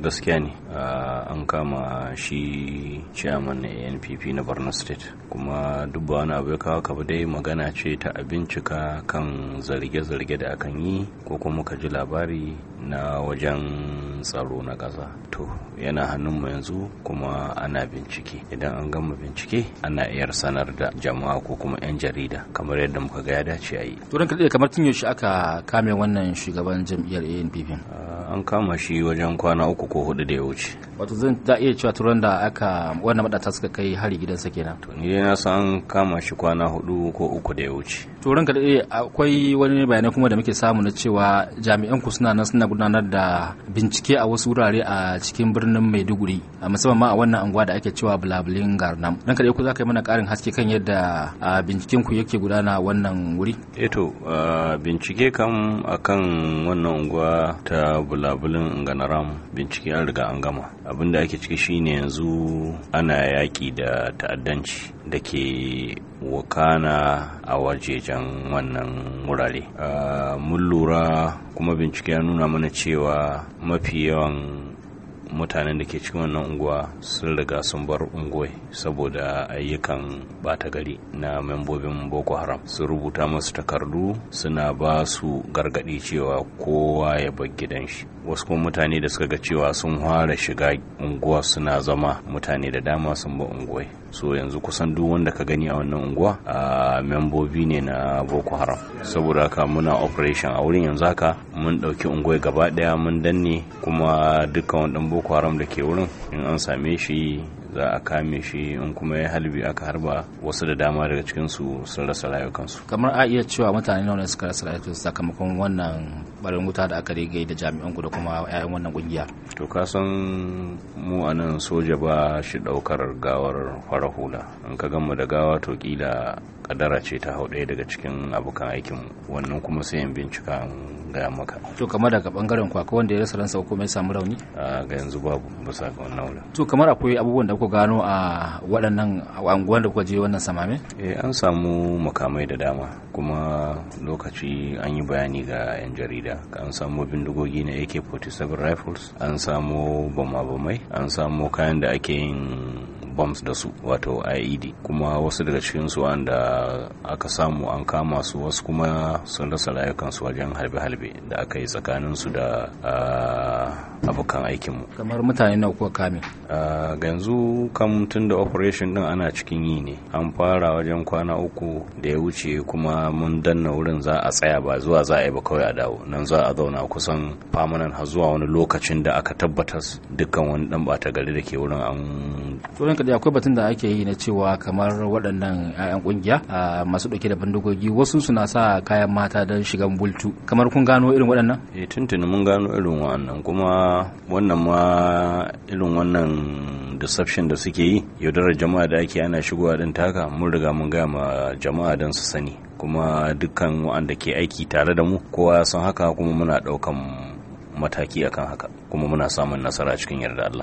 gaskiya ne ah, an kama shi chairman na anpp na borno state kuma duk ba wani abu ya kawo ka dai magana ce ta a kan zarge-zarge da akan yi ko kuma ka ji labari na wajen tsaro na ƙasa to yana hannunmu yanzu kuma ana bincike idan an gama bincike ana iya sanar da jama'a ko kuma 'yan jarida kamar yadda muka ga ya dace a yi turan kaɗe kamar tun yaushe aka kame wannan shugaban jam'iyyar anpp an kama shi wajen kwana uku ko hudu da ya wuce wato zan da iya cewa turan da aka wannan madata suka kai hari gidansa kenan to ni dai na san kama shi kwana hudu ko uku da ya wuce to ranka akwai wani bayanai kuma da muke samu na cewa jami'an ku suna nan suna gudanar da bincike a wasu wurare a cikin birnin Maiduguri a musamman ma a wannan anguwa da ake cewa Bulabulin Garnam ranka da ku za ka yi mana karin haske kan yadda binciken ku yake gudana wannan wuri eh to bincike kan akan wannan unguwa ta Bulabulin Ganaram bincike an riga an gama abin da ake ciki shine yanzu ana yaki da ta'addanci da ke wakana a wajejen wajajen wannan wurare ah, mun lura kuma bincike ya nuna mana cewa mafi yawan mutanen da ke cikin wannan unguwa sun riga sun bar unguwai saboda ayyukan bata gari na membobin boko haram sun rubuta masu takardu suna ba su gargaɗi cewa kowa ya bar gidan shi wasu kuma mutane da suka ga cewa sun fara shiga unguwa suna zama mutane da dama sun ba unguwai so yanzu kusan duk wanda ka gani a wannan unguwa a membobi ne na boko haram saboda haka muna operation a wurin yanzu haka mun ɗauki unguwai gaba ɗaya mun danne kuma dukkan wani kwaram da ke wurin in an same shi za a kame shi in kuma ya halbi aka harba wasu da dama daga cikinsu sun rasa rayukansu kamar a iya cewa mutane nawa ne suka rasa rayukansu sakamakon wannan barin wuta da aka rige da jami'an ku da kuma 'ya'yan wannan kungiya to ka san mu anan soja ba shi daukar gawar fara in ka gama da gawa to kila kadara ce ta hau ɗaya daga cikin abokan aikinmu wannan kuma sai yin bincika gaya maka to kamar daga bangaren kwakwa wanda ya rasa ransa ko mai samu rauni a ga yanzu babu ba sa ga wannan to kamar akwai abubuwan da ku gano a waɗannan anguwan da kuka je wannan samame? Eh an samu makamai da dama kuma lokaci an yi bayani ga 'yan jarida an samu bindigogi na AK-47 rifles an samu bama-bamai an samu kayan da ake yin bombs da su wato IED kuma wasu daga cikin su wanda aka samu an kama su wasu kuma sun rasa rayukansu wajen harbe halbe da aka yi tsakanin su da ah, abokan aikinmu kamar mutane na kuwa kame ah, ga yanzu kam tun da operation din ana cikin yi ne an fara wajen kwana uku da ya wuce kuma mun danna wurin za a tsaya ba zuwa za a yi ba kawai a dawo nan za a zauna kusan famanan har zuwa wani lokacin da aka tabbatar dukkan wani dan bata gari da ke wurin an dr da akwai batun da ake yi na cewa kamar waɗannan 'ya'yan ƙungiya masu ɗauke da bindigogi wasu suna sa kayan mata don shigan bultu kamar kun gano irin waɗannan eh tuntuni mun gano irin waɗannan kuma wannan ma irin wannan deception da suke yi yaudarar jama'a da ake ana shigowa din taka mun riga mun gaya ma jama'a don su sani kuma dukkan waɗanda ke aiki tare da mu kowa ya san haka kuma muna ɗaukan mataki akan haka kuma muna samun nasara cikin yarda Allah